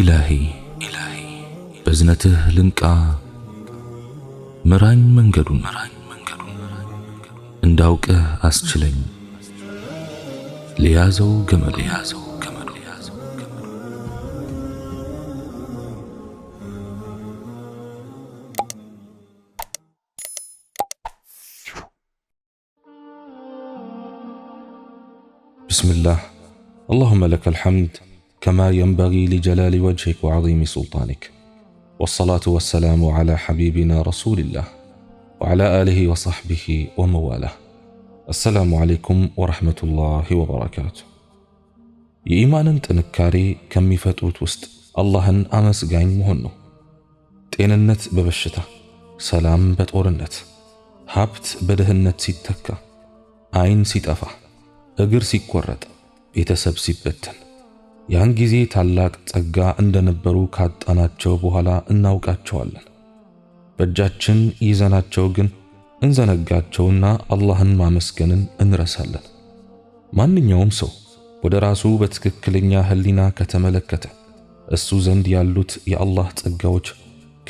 إلهي إلهي بزنته لنكا مران منجدو مران منجدو اندوك أسجلين ليازو جمل ليازو جمل ليازو جمل بسم الله اللهم لك الحمد كما ينبغي لجلال وجهك وعظيم سلطانك والصلاة والسلام على حبيبنا رسول الله وعلى آله وصحبه ومواله السلام عليكم ورحمة الله وبركاته የኢማንን ጥንካሬ ከሚፈጥሩት ውስጥ አላህን አመስጋኝ መሆን ነው። ጤንነት በበሽታ ሰላም በጦርነት ሀብት በድህነት ሲተካ አይን ሲጠፋ እግር ሲቆረጥ ቤተሰብ ሲበተን ያን ጊዜ ታላቅ ጸጋ እንደነበሩ ካጣናቸው በኋላ እናውቃቸዋለን። በእጃችን ይዘናቸው ግን እንዘነጋቸውና አላህን ማመስገንን እንረሳለን። ማንኛውም ሰው ወደ ራሱ በትክክለኛ ህሊና ከተመለከተ እሱ ዘንድ ያሉት የአላህ ጸጋዎች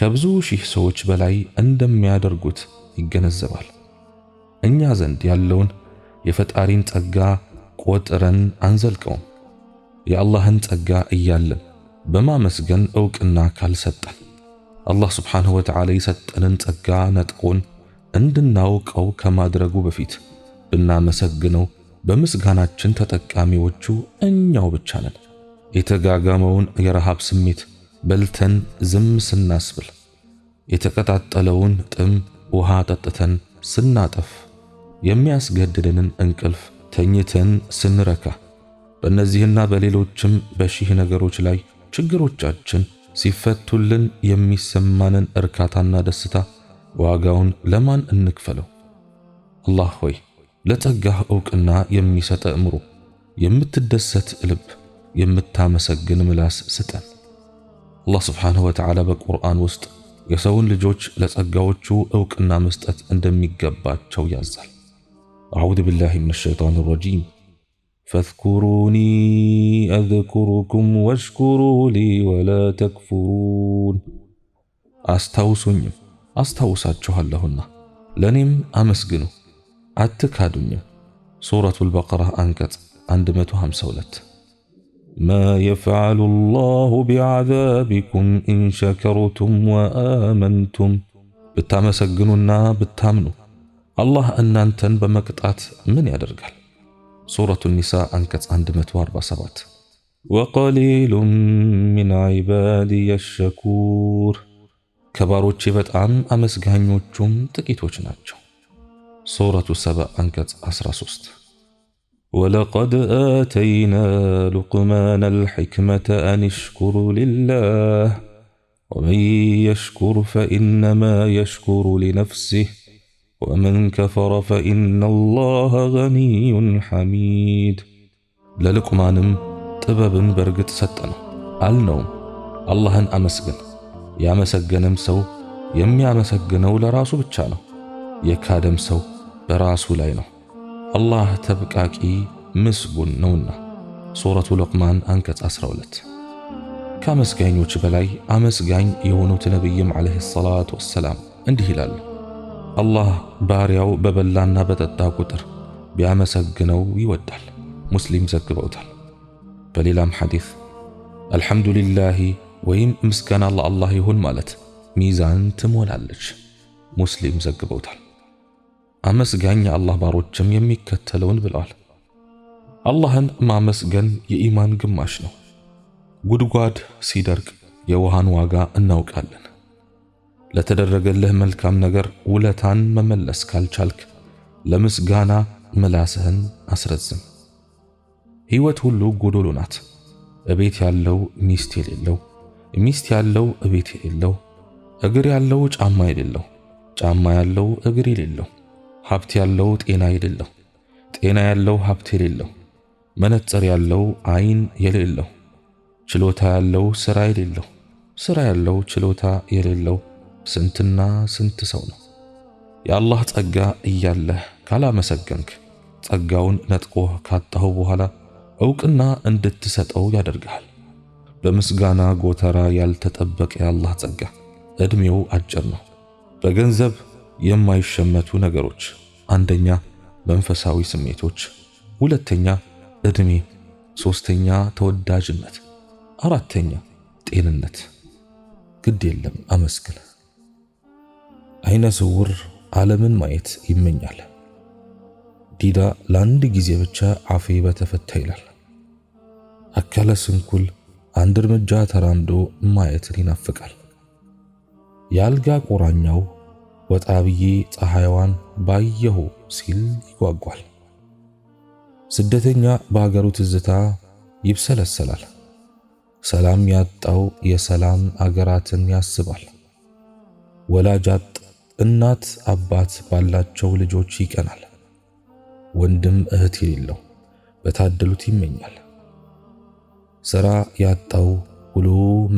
ከብዙ ሺህ ሰዎች በላይ እንደሚያደርጉት ይገነዘባል። እኛ ዘንድ ያለውን የፈጣሪን ጸጋ ቆጥረን አንዘልቀውም። የአላህን ጸጋ እያለን በማመስገን ዕውቅና ካልሰጠን አላህ ስብሓንሁ ወተዓላ የሰጠንን ጸጋ ነጥቆን እንድናውቀው ከማድረጉ በፊት ብናመሰግነው በምስጋናችን ተጠቃሚዎቹ እኛው ብቻ ነን። የተጋጋመውን የረሃብ ስሜት በልተን ዝም ስናስብል፣ የተቀጣጠለውን ጥም ውሃ ጠጥተን ስናጠፍ፣ የሚያስገድድንን እንቅልፍ ተኝተን ስንረካ በእነዚህና በሌሎችም በሺህ ነገሮች ላይ ችግሮቻችን ሲፈቱልን የሚሰማንን እርካታና ደስታ ዋጋውን ለማን እንክፈለው? አላህ ሆይ ለጸጋህ ዕውቅና የሚሰጠ እምሮ፣ የምትደሰት ልብ፣ የምታመሰግን ምላስ ስጠን። አላህ ስብሓንሁ ወተዓላ በቁርአን ውስጥ የሰውን ልጆች ለጸጋዎቹ ዕውቅና መስጠት እንደሚገባቸው ያዛል። አዑዙ ቢላሂ ምን ሸይጣን ረጂም فاذكروني أذكركم ወሽኩሩ ሊ ወላ ተክፉሩን። አስታውሱኝም አስታውሳችኋለሁና ለእኔም አመስግኑ አትካዱኝም። ሱረቱል በቀራ አንቀጽ 152 ማ የፍዓሉ ላሁ ቢዓዛቢኩም ኢን ሸከርቱም ወአመንቱም። ብታመሰግኑና ብታምኑ አላህ እናንተን በመቅጣት ምን ያደርጋል? سورة النساء أنكت 147 وقليل من عبادي الشكور كبارو أمس ከባሮቼ تشوم تكيتو تشناتشو سورة السبع أنكت أسرى سوست ولقد آتينا لقمان الحكمة أن اشكر لله ومن يشكر فإنما يشكر لنفسه ወመን ከፈረ ፈኢነ ላህ ገኒዩን ሐሚድ። ለልቁማንም ጥበብን በርግጥ ሰጠነው አልነውም፣ አላህን አመስግን። ያመሰገነም ሰው የሚያመሰግነው ለራሱ ብቻ ነው፣ የካደም ሰው በራሱ ላይ ነው። አላህ ተብቃቂ ምስጉን ነውና። ሱረቱ ሉቅማን አንቀጽ 12። ከአመስጋኞች በላይ አመስጋኝ የሆኑት ነቢይም ዓለይሂ ሰላቱ ወሰላም እንዲህ ይላሉ አላህ ባሪያው በበላና በጠጣ ቁጥር ቢያመሰግነው ይወዳል። ሙስሊም ዘግበውታል። በሌላም ሐዲስ አልሐምዱሊላሂ ወይም ምስጋና ለአላህ ይሁን ማለት ሚዛን ትሞላለች። ሙስሊም ዘግበውታል። አመስጋኝ የአላህ ባሮችም የሚከተለውን ብለዋል። አላህን ማመስገን የኢማን ግማሽ ነው። ጉድጓድ ሲደርቅ የውሃን ዋጋ እናውቃለን። ለተደረገልህ መልካም ነገር ውለታን መመለስ ካልቻልክ ለምስጋና ምላስህን አስረዝም። ሕይወት ሁሉ ጎዶሎ ናት። እቤት ያለው ሚስት የሌለው፣ ሚስት ያለው እቤት የሌለው፣ እግር ያለው ጫማ የሌለው፣ ጫማ ያለው እግር የሌለው፣ ሀብት ያለው ጤና የሌለው፣ ጤና ያለው ሀብት የሌለው፣ መነጽር ያለው አይን የሌለው፣ ችሎታ ያለው ስራ የሌለው፣ ስራ ያለው ችሎታ የሌለው ስንትና ስንት ሰው ነው የአላህ ጸጋ እያለህ ካላመሰገንክ ጸጋውን ነጥቆህ ካጣኸው በኋላ እውቅና እንድትሰጠው ያደርግሃል። በምስጋና ጎተራ ያልተጠበቀ የአላህ ጸጋ እድሜው አጭር ነው። በገንዘብ የማይሸመቱ ነገሮች፣ አንደኛ መንፈሳዊ ስሜቶች፣ ሁለተኛ እድሜ፣ ሶስተኛ ተወዳጅነት፣ አራተኛ ጤንነት። ግድ የለም አመስግነ አይነ ስውር ዓለምን ማየት ይመኛል። ዲዳ ለአንድ ጊዜ ብቻ አፌ በተፈታ ይላል። አካለ ስንኩል አንድ እርምጃ ተራምዶ ማየትን ይናፍቃል። የአልጋ ቁራኛው ወጣ ብዬ ፀሐይዋን ባየሁ ሲል ይጓጓል። ስደተኛ በአገሩ ትዝታ ይብሰለሰላል። ሰላም ያጣው የሰላም አገራትን ያስባል። ወላጅ አጥ እናት አባት ባላቸው ልጆች ይቀናል። ወንድም እህት የሌለው በታደሉት ይመኛል። ሥራ ያጣው ውሎ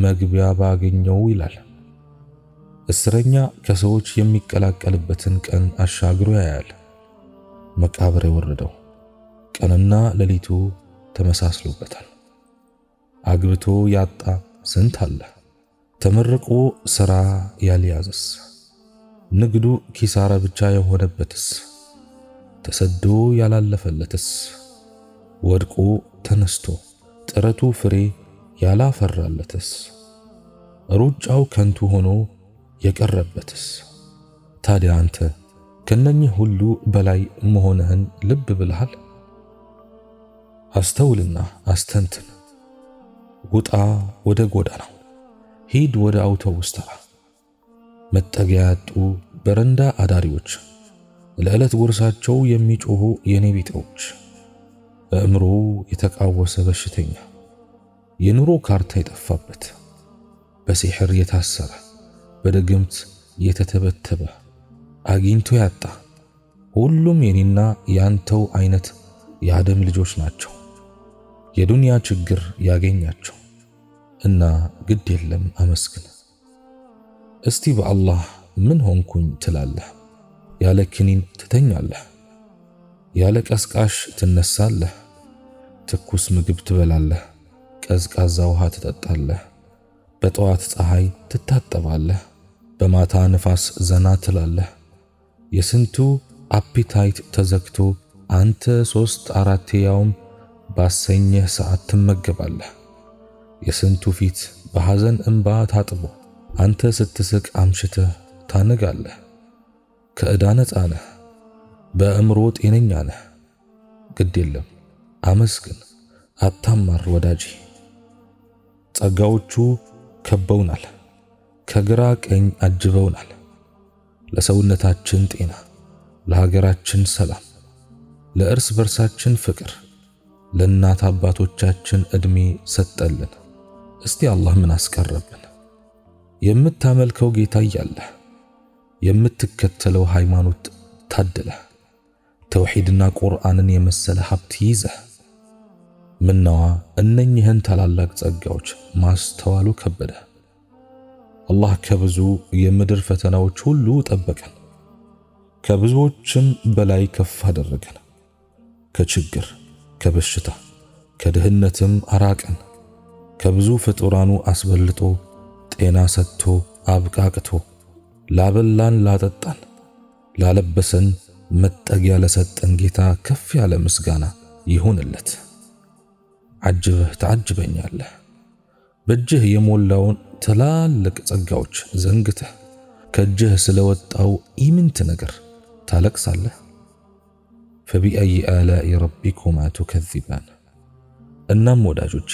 መግቢያ ባገኘው ይላል። እስረኛ ከሰዎች የሚቀላቀልበትን ቀን አሻግሮ ያያል። መቃብር የወረደው ቀንና ሌሊቱ ተመሳስሎበታል። አግብቶ ያጣ ስንት አለ። ተመርቆ ሥራ ያልያዘስ ንግዱ ኪሳራ ብቻ የሆነበትስ? ተሰዶ ያላለፈለትስ? ወድቆ ተነስቶ ጥረቱ ፍሬ ያላፈራለትስ? ሩጫው ከንቱ ሆኖ የቀረበትስ? ታዲያ አንተ ከነኚህ ሁሉ በላይ መሆንህን ልብ ብልሃል? አስተውልና አስተንትን። ውጣ ወደ ጎዳናው፣ ሂድ ወደ አውቶቡስ ተራ መጠጊያ ያጡ በረንዳ አዳሪዎች፣ ለዕለት ጉርሳቸው የሚጮሁ የኔ ቢጤዎች፣ በእምሮ የተቃወሰ በሽተኛ፣ የኑሮ ካርታ የጠፋበት፣ በሲሕር የታሰረ፣ በድግምት የተተበተበ፣ አግኝቶ ያጣ፣ ሁሉም የኔና ያንተው አይነት የአደም ልጆች ናቸው። የዱንያ ችግር ያገኛቸው እና ግድ የለም አመስግን። እስቲ በአላህ ምን ሆንኩኝ ትላለህ። ያለ ክኒን ትተኛለህ። ያለ ቀስቃሽ ትነሳለህ። ትኩስ ምግብ ትበላለህ። ቀዝቃዛ ውሃ ትጠጣለህ። በጠዋት ፀሐይ ትታጠባለህ። በማታ ንፋስ ዘና ትላለህ። የስንቱ አፒታይት ተዘግቶ አንተ ሶስት አራቴ ያውም ባሰኘህ ሰዓት ትመገባለህ። የስንቱ ፊት በሐዘን እምባ ታጥቦ አንተ ስትስቅ አምሽተህ ታነጋለህ። ከዕዳ ነፃ ነህ። በእምሮ ጤነኛ ነህ። ግድ የለም አመስግን፣ አታማር ወዳጄ። ጸጋዎቹ ከበውናል፣ ከግራ ቀኝ አጅበውናል። ለሰውነታችን ጤና፣ ለሀገራችን ሰላም፣ ለእርስ በርሳችን ፍቅር፣ ለእናት አባቶቻችን ዕድሜ ሰጠልን። እስቲ አላህ ምን አስቀረብን? የምታመልከው ጌታ እያለህ የምትከተለው ሃይማኖት ታደለህ ተውሂድና ቁርአንን የመሰለ ሀብት ይዘህ ምናዋ እነኝህን ታላላቅ ጸጋዎች ማስተዋሉ ከበደ። አላህ ከብዙ የምድር ፈተናዎች ሁሉ ጠበቀን፣ ከብዙዎችም በላይ ከፍ አደረገን። ከችግር ከበሽታ ከድህነትም አራቀን፣ ከብዙ ፍጡራኑ አስበልጦ ጤና ሰጥቶ አብቃቅቶ ላበላን ላጠጣን ላለበሰን መጠጊያ ለሰጠን ጌታ ከፍ ያለ ምስጋና ይሁንለት። አጅበህ ታጅበኛለህ። በእጅህ የሞላውን ትላልቅ ጸጋዎች ዘንግተህ ከእጅህ ስለወጣው ኢምንት ነገር ታለቅሳለህ። ፈቢአይ አላኢ ረቢኩማ ቱከዚባን። እናም ወዳጆቼ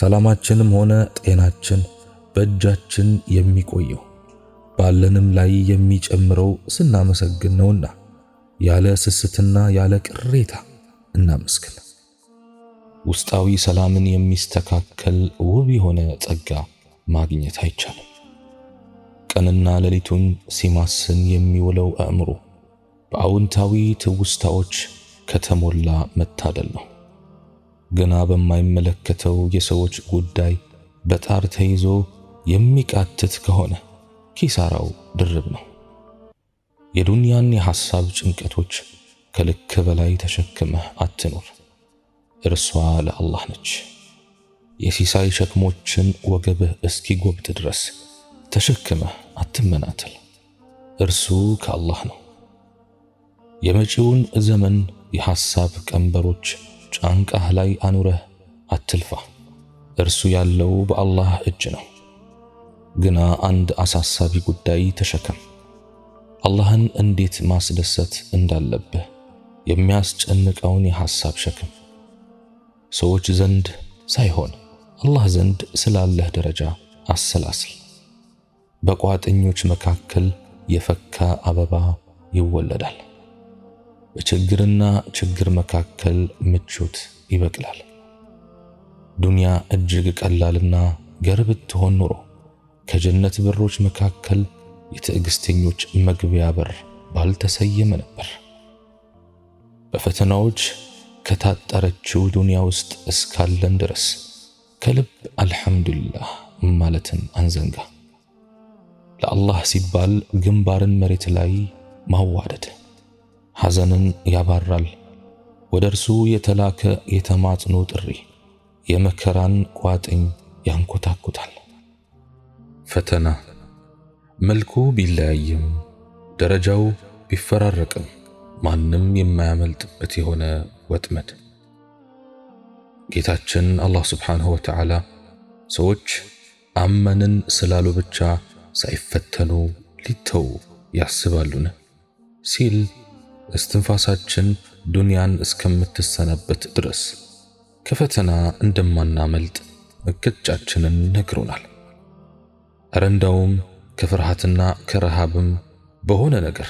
ሰላማችንም ሆነ ጤናችን በእጃችን የሚቆየው ባለንም ላይ የሚጨምረው ስናመሰግን ነውና ያለ ስስትና ያለ ቅሬታ እናመስግን። ውስጣዊ ሰላምን የሚስተካከል ውብ የሆነ ጸጋ ማግኘት አይቻልም። ቀንና ሌሊቱን ሲማስን የሚውለው አእምሮ በአውንታዊ ትውስታዎች ከተሞላ መታደል ነው። ገና በማይመለከተው የሰዎች ጉዳይ በጣር ተይዞ የሚቃትት ከሆነ ኪሳራው ድርብ ነው። የዱንያን የሐሳብ ጭንቀቶች ከልክ በላይ ተሸክመህ አትኖር። እርሷ ለአላህ ነች። የሲሳይ ሸክሞችን ወገብህ እስኪጎብጥ ድረስ ተሸክመህ አትመናተል። እርሱ ከአላህ ነው። የመጪውን ዘመን የሐሳብ ቀንበሮች ጫንቃህ ላይ አኑረህ አትልፋ። እርሱ ያለው በአላህ እጅ ነው። ግና አንድ አሳሳቢ ጉዳይ ተሸከም። አላህን እንዴት ማስደሰት እንዳለብህ የሚያስጨንቀውን የሐሳብ ሸክም ሰዎች ዘንድ ሳይሆን አላህ ዘንድ ስላለህ ደረጃ አሰላስል። በቋጥኞች መካከል የፈካ አበባ ይወለዳል። በችግርና ችግር መካከል ምቾት ይበቅላል። ዱንያ እጅግ ቀላልና ገርብት ትሆን ኑሮ ከጀነት በሮች መካከል የትዕግስተኞች መግቢያ በር ባልተሰየመ ነበር። በፈተናዎች ከታጠረችው ዱንያ ውስጥ እስካለን ድረስ ከልብ አልሐምዱሊላህ ማለትን አንዘንጋ። ለአላህ ሲባል ግንባርን መሬት ላይ ማዋደድ ሐዘንን ያባራል። ወደ እርሱ የተላከ የተማጽኖ ጥሪ የመከራን ቋጥኝ ያንኮታኩታል። ፈተና መልኩ ቢለያይም ደረጃው ቢፈራረቅም ማንም የማያመልጥበት የሆነ ወጥመድ። ጌታችን አላህ ስብሓንሁ ወተዓላ ሰዎች አመንን ስላሉ ብቻ ሳይፈተኑ ሊተው ያስባሉን ሲል እስትንፋሳችን ዱንያን እስከምትሰናበት ድረስ ከፈተና እንደማናመልጥ እቅጫችንን ነግሮናል። አረንዳውም ከፍርሃትና ከረሃብም በሆነ ነገር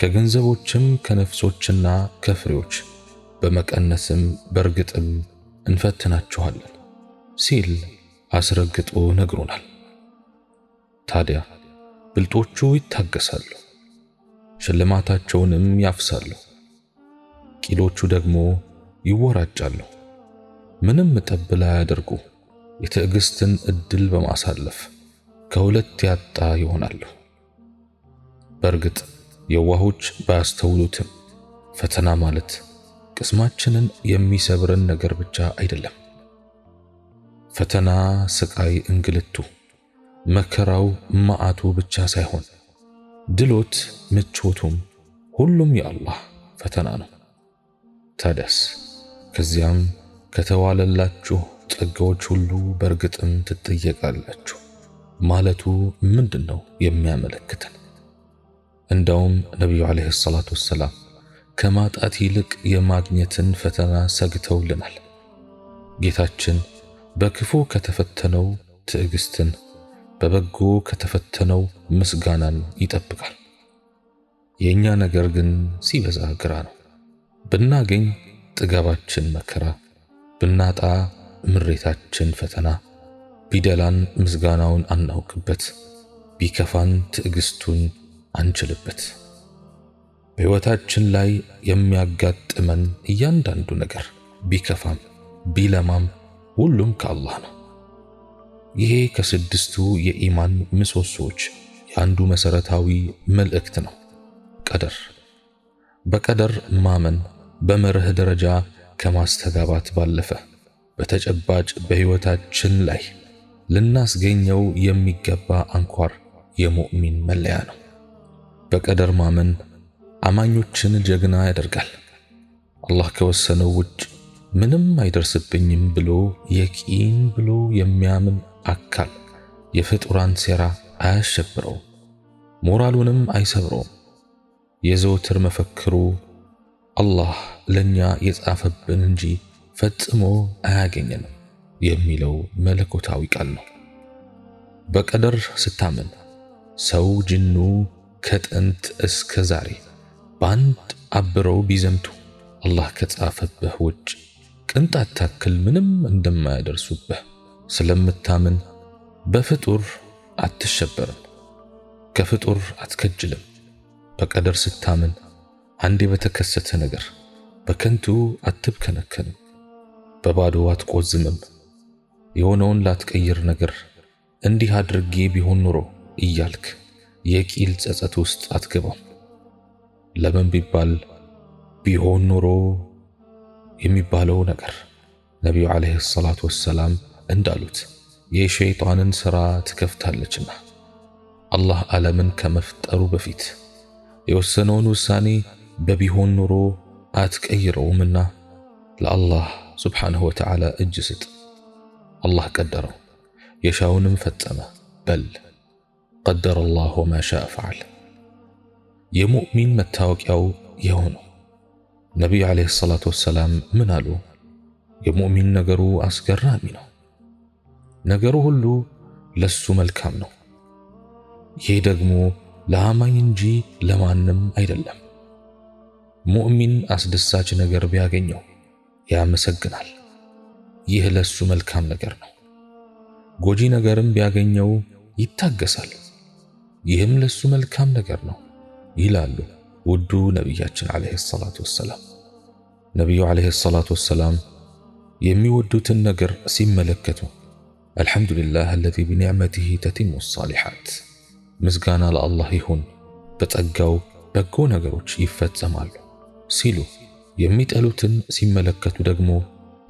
ከገንዘቦችም ከነፍሶችና ከፍሬዎች በመቀነስም በርግጥም እንፈትናችኋለን ሲል አስረግጦ ነግሮናል። ታዲያ ብልጦቹ ይታገሳሉ፣ ሽልማታቸውንም ያፍሳሉ፣ ቂሎቹ ደግሞ ይወራጫሉ። ምንም ጠብ ያደርጉ የትዕግስትን እድል በማሳለፍ ከሁለት ያጣ ይሆናሉ። በእርግጥ የዋሆች ባያስተውሉትም ፈተና ማለት ቅስማችንን የሚሰብርን ነገር ብቻ አይደለም። ፈተና፣ ስቃይ፣ እንግልቱ፣ መከራው፣ መዓቱ ብቻ ሳይሆን ድሎት፣ ምቾቱም ሁሉም የአላህ ፈተና ነው። ታዲያስ ከዚያም ከተዋለላችሁ ጸጋዎች ሁሉ በእርግጥም ትጠየቃላችሁ። ማለቱ ምንድን ነው የሚያመለክተን? እንደውም ነቢዩ ዓለይሂ ሰላቱ ወሰላም ከማጣት ይልቅ የማግኘትን ፈተና ሰግተውልናል። ጌታችን በክፉ ከተፈተነው ትዕግስትን፣ በበጎ ከተፈተነው ምስጋናን ይጠብቃል። የእኛ ነገር ግን ሲበዛ ግራ ነው። ብናገኝ ጥጋባችን መከራ፣ ብናጣ ምሬታችን ፈተና ቢደላን ምስጋናውን አናውቅበት፣ ቢከፋን ትዕግስቱን አንችልበት። በሕይወታችን ላይ የሚያጋጥመን እያንዳንዱ ነገር ቢከፋም ቢለማም ሁሉም ከአላህ ነው። ይሄ ከስድስቱ የኢማን ምሰሶዎች የአንዱ መሰረታዊ መልእክት ነው። ቀደር በቀደር ማመን በመርህ ደረጃ ከማስተጋባት ባለፈ በተጨባጭ በሕይወታችን ላይ ልናስገኘው የሚገባ አንኳር የሙእሚን መለያ ነው። በቀደር ማመን አማኞችን ጀግና ያደርጋል። አላህ ከወሰነው ውጭ ምንም አይደርስብኝም ብሎ የቂን ብሎ የሚያምን አካል የፍጡራን ሴራ አያሸብረውም፣ ሞራሉንም አይሰብረውም። የዘውትር መፈክሩ አላህ ለእኛ የጻፈብን እንጂ ፈጽሞ አያገኘንም። የሚለው መለኮታዊ ቃል ነው። በቀደር ስታምን ሰው ጅኑ ከጥንት እስከ ዛሬ በአንድ አብረው ቢዘምቱ አላህ ከጻፈብህ ውጭ ቅንጣት ታክል ምንም እንደማያደርሱብህ ስለምታምን በፍጡር አትሸበርም፣ ከፍጡር አትከጅልም። በቀደር ስታምን አንዴ በተከሰተ ነገር በከንቱ አትብከነከንም፣ በባዶ አትቆዝምም። የሆነውን ላትቀይር ነገር እንዲህ አድርጌ ቢሆን ኑሮ እያልክ የቂል ጸጸት ውስጥ አትገባም። ለምን ቢባል ቢሆን ኑሮ የሚባለው ነገር ነቢዩ ዓለይሂ ሰላቱ ወሰላም እንዳሉት የሸይጣንን ሥራ ትከፍታለችና አላህ ዓለምን ከመፍጠሩ በፊት የወሰነውን ውሳኔ በቢሆን ኑሮ አትቀይረውምና ለአላህ ሱብሓነሁ ወተዓላ እጅ ስጥ። አላህ ቀደረው፣ የሻውንም ፈጸመ። በል ቀደረ አላህ ወማ ፈዓል። የሙእሚን መታወቂያው ይኸው ነው። ነቢይ ዓለይሂ ሰላቱ ወሰላም ምን አሉ? የሙእሚን ነገሩ አስገራሚ ነው። ነገሩ ሁሉ ለሱ መልካም ነው። ይህ ደግሞ ለአማኝ እንጂ ለማንም አይደለም። ሙእሚን አስደሳች ነገር ቢያገኘው ያመሰግናል። ይህ ለሱ መልካም ነገር ነው። ጎጂ ነገርም ቢያገኘው ይታገሳል፣ ይህም ለሱ መልካም ነገር ነው ይላሉ ውዱ ነቢያችን ዓለይሂ ሰላቱ ወሰላም። ነቢዩ ዓለይሂ ሰላቱ ወሰላም የሚወዱትን ነገር ሲመለከቱ አልሐምዱሊላህ አለዚ ቢኒዕመቲሂ ተቲሙ ሳሊሓት፣ ምስጋና ለአላህ ይሁን በጸጋው በጎ ነገሮች ይፈጸማሉ ሲሉ የሚጠሉትን ሲመለከቱ ደግሞ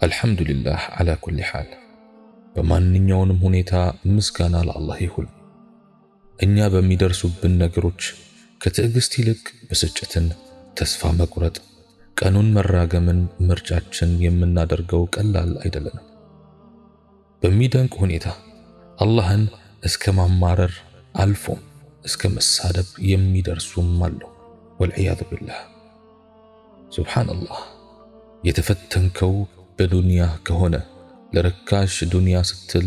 አልሐምዱሊላህ አላ ኩሊ ሓል። በማንኛውንም ሁኔታ ምስጋና ለአላህ ይሁን። እኛ በሚደርሱብን ነገሮች ከትዕግስት ይልቅ ብስጭትን፣ ተስፋ መቁረጥ፣ ቀኑን መራገምን ምርጫችን የምናደርገው ቀላል አይደለንም። በሚደንቅ ሁኔታ አላህን እስከ ማማረር አልፎም እስከ መሳደብ የሚደርሱም አሉ። ወልዕያዙ ቢላህ ሱብሓነላህ የተፈተንከው በዱንያ ከሆነ ለርካሽ ዱንያ ስትል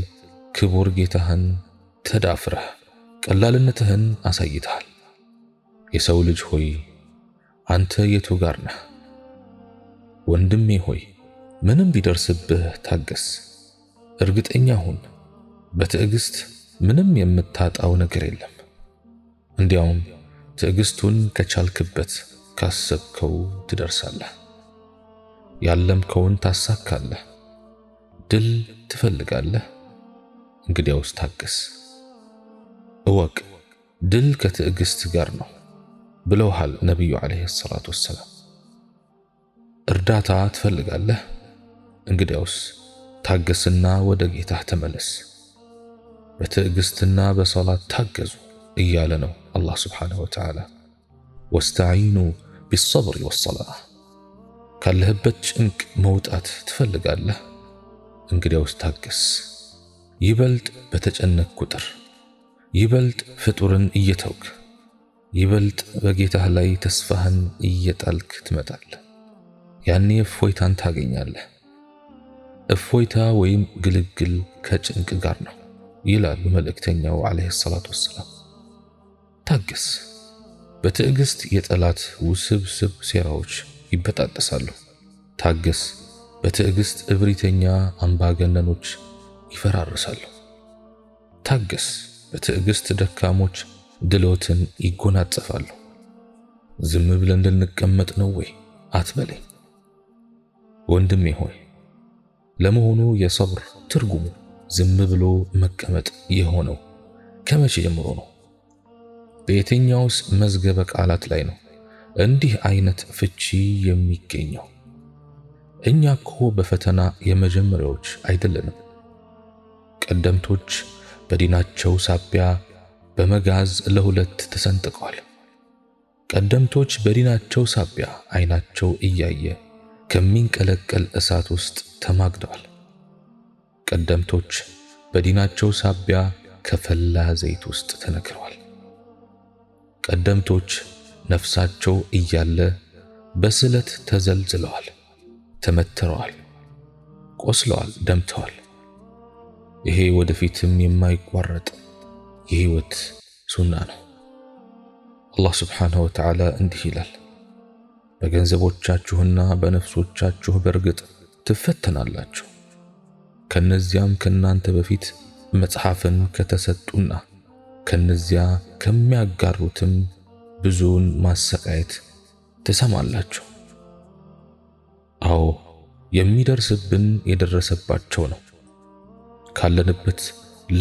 ክቡር ጌታህን ተዳፍረህ ቀላልነትህን አሳይተሃል። የሰው ልጅ ሆይ አንተ የቱ ጋር ነህ? ወንድሜ ሆይ ምንም ቢደርስብህ ታገስ፣ እርግጠኛ ሁን። በትዕግስት ምንም የምታጣው ነገር የለም። እንዲያውም ትዕግስቱን ከቻልክበት ካሰብከው ትደርሳለህ። ያለምከውን ታሳካለህ፣ ድል ትፈልጋለህ። እንግዲያውስ ታገስ እወቅ ድል ከትዕግስት ጋር ነው ብለውሃል ነቢዩ ዓለይሂ ሰላቱ ወሰላም። እርዳታ ትፈልጋለህ፣ እንግዲያውስ ታገስና ወደ ጌታህ ተመለስ። በትዕግስትና በሰላት ታገዙ እያለ ነው አላህ ሱብሓነሁ ወተዓላ ወስተዒኑ ቢሰብሪ ወሰላህ ካለህበት ጭንቅ መውጣት ትፈልጋለህ? እንግዲያውስ ታገስ። ይበልጥ በተጨነቅ ቁጥር ይበልጥ ፍጡርን እየተውክ ይበልጥ በጌታህ ላይ ተስፋህን እየጣልክ ትመጣለህ። ያኔ እፎይታን ታገኛለህ። እፎይታ ወይም ግልግል ከጭንቅ ጋር ነው ይላሉ መልእክተኛው ዓለይሂ ሰላቱ ወሰላም። ታገስ። በትዕግስት የጠላት ውስብስብ ሴራዎች ይበጣጠሳሉ። ታገስ፣ በትዕግስት እብሪተኛ አምባገነኖች ይፈራርሳሉ። ታገስ፣ በትዕግስት ደካሞች ድሎትን ይጎናጸፋሉ። ዝም ብለን እንድንቀመጥ ነው ወይ አትበለኝ ወንድሜ ሆይ። ለመሆኑ የሰብር ትርጉሙ ዝም ብሎ መቀመጥ የሆነው ከመቼ ጀምሮ ነው? በየትኛውስ መዝገበ ቃላት ላይ ነው? እንዲህ አይነት ፍቺ የሚገኘው እኛ እኮ በፈተና የመጀመሪያዎች አይደለንም። ቀደምቶች በዲናቸው ሳቢያ በመጋዝ ለሁለት ተሰንጥቀዋል። ቀደምቶች በዲናቸው ሳቢያ አይናቸው እያየ ከሚንቀለቀል እሳት ውስጥ ተማግደዋል። ቀደምቶች በዲናቸው ሳቢያ ከፈላ ዘይት ውስጥ ተነክረዋል። ቀደምቶች ነፍሳቸው እያለ በስለት ተዘልዝለዋል፣ ተመትረዋል፣ ቆስለዋል፣ ደምተዋል። ይሄ ወደፊትም የማይቋረጥ የህይወት ሱና ነው። አላህ ስብሓንሁ ወተዓላ እንዲህ ይላል፣ በገንዘቦቻችሁና በነፍሶቻችሁ በርግጥ ትፈተናላችሁ። ከነዚያም ከናንተ በፊት መጽሐፍን ከተሰጡና ከነዚያ ከሚያጋሩትም ብዙውን ማሰቃየት ትሰማላችሁ። አዎ የሚደርስብን የደረሰባቸው ነው። ካለንበት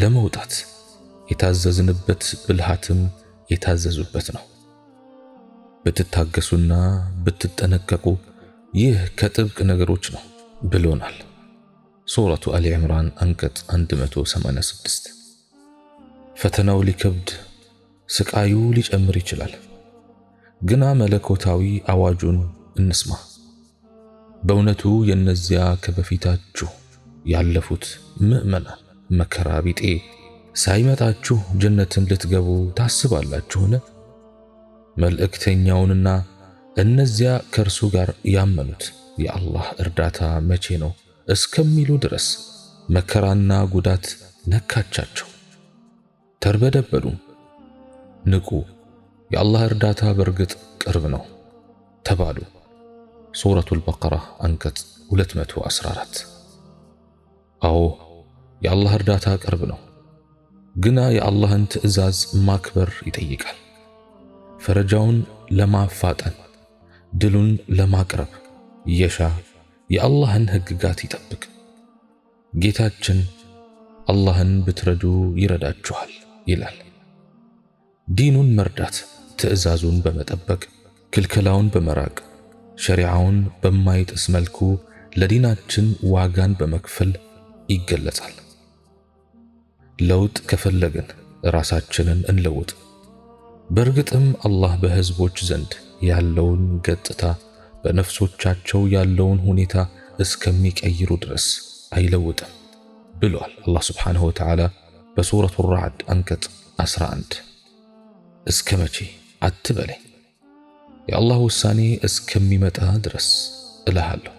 ለመውጣት የታዘዝንበት ብልሃትም የታዘዙበት ነው። ብትታገሱና ብትጠነቀቁ ይህ ከጥብቅ ነገሮች ነው ብሎናል። ሱረቱ አሊ ዕምራን አንቀጽ 186። ፈተናው ሊከብድ ስቃዩ ሊጨምር ይችላል። ግና መለኮታዊ አዋጁን እንስማ። በእውነቱ የእነዚያ ከበፊታችሁ ያለፉት ምዕመናን መከራ ቢጤ ሳይመጣችሁ ጀነትን ልትገቡ ታስባላችሁን? መልእክተኛውንና እነዚያ ከእርሱ ጋር ያመኑት የአላህ እርዳታ መቼ ነው እስከሚሉ ድረስ መከራና ጉዳት ነካቻቸው። ተርበደበዱ። ንቁ የአላህ እርዳታ በእርግጥ ቅርብ ነው ተባሉ። ሱረቱል በቀራ አንቀጽ 214። አዎ የአላህ እርዳታ ቅርብ ነው፣ ግና የአላህን ትዕዛዝ ማክበር ይጠይቃል። ፈረጃውን ለማፋጠን ድሉን ለማቅረብ የሻ የአላህን ሕግጋት ይጠብቅ። ጌታችን አላህን ብትረዱ ይረዳችኋል ይላል። ዲኑን መርዳት ትዕዛዙን በመጠበቅ ክልከላውን በመራቅ ሸሪዓውን በማይጥስ መልኩ ለዲናችን ዋጋን በመክፈል ይገለጻል። ለውጥ ከፈለግን ራሳችንን እንለውጥ። በእርግጥም አላህ በሕዝቦች ዘንድ ያለውን ገጽታ በነፍሶቻቸው ያለውን ሁኔታ እስከሚቀይሩ ድረስ አይለውጥም ብሏል አላህ ሱብሓነሁ ወተዓላ በሱረቱ ራዕድ አንቀጽ 11። እስከ መቼ አትበለኝ፣ የአላህ ውሳኔ እስከሚመጣ ድረስ እልሃለሁ።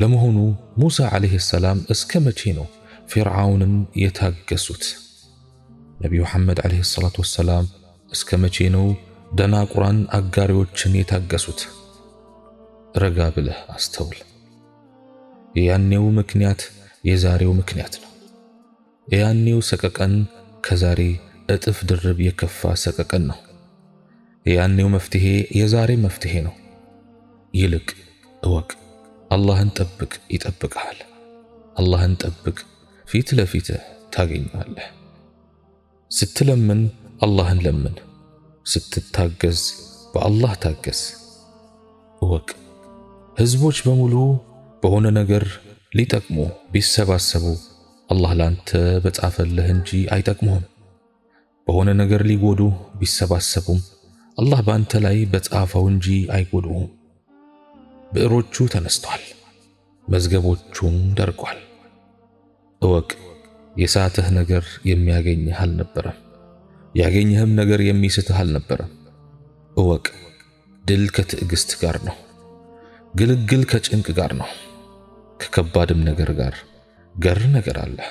ለመሆኑ ሙሳ ዓለይሂ ሰላም እስከ መቼ ነው ፊርዓውንን የታገሱት? ነቢዩ መሐመድ ዓለይሂ ሰላቱ ወሰላም እስከ መቼ ነው ደናቁራን አጋሪዎችን የታገሱት? ረጋ ብለህ አስተውል። የያኔው ምክንያት የዛሬው ምክንያት ነው። የያኔው ሰቀቀን ከዛሬ እጥፍ ድርብ የከፋ ሰቀቀን ነው። ያኔው መፍትሄ የዛሬ መፍትሄ ነው። ይልቅ እወቅ፣ አላህን ጠብቅ፣ ይጠብቅሃል። አላህን ጠብቅ፣ ፊት ለፊትህ ታገኛለህ ስትለምን አላህን ለምን፣ ስትታገዝ በአላህ ታገዝ። እወቅ ህዝቦች በሙሉ በሆነ ነገር ሊጠቅሙ ቢሰባሰቡ አላህ ላንተ በጻፈልህ እንጂ አይጠቅሙህም። በሆነ ነገር ሊጎዱ ቢሰባሰቡም አላህ በአንተ ላይ በጻፈው እንጂ አይጎዱም። ብዕሮቹ ተነስቷል፣ መዝገቦቹም ደርቋል። እወቅ የሳተህ ነገር የሚያገኝህ አልነበረም፣ ያገኘህም ነገር የሚስትህ አልነበረም። እወቅ ድል ከትዕግስት ጋር ነው፣ ግልግል ከጭንቅ ጋር ነው፣ ከከባድም ነገር ጋር ገር ነገር አለህ።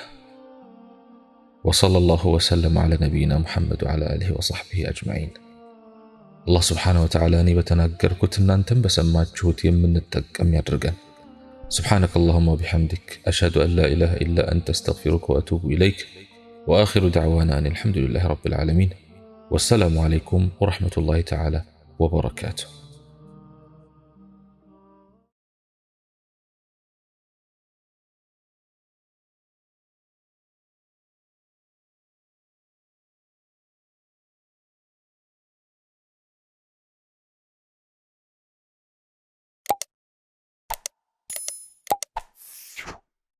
وصلى الله وسلم على نبينا محمد وعلى اله وصحبه اجمعين الله سبحانه وتعالى اني ስብሓነ ወተዓላ እኔ በተናገርኩት እናንተም በሰማችሁት ام ያድርገን سبحانك اللهم وبحمدك أشهد أن لا إله إلا أنت أستغفرك وأتوب إليك وآخر دعوانا أن الحمد لله رب العالمين والسلام عليكم ورحمة الله تعالى وبركاته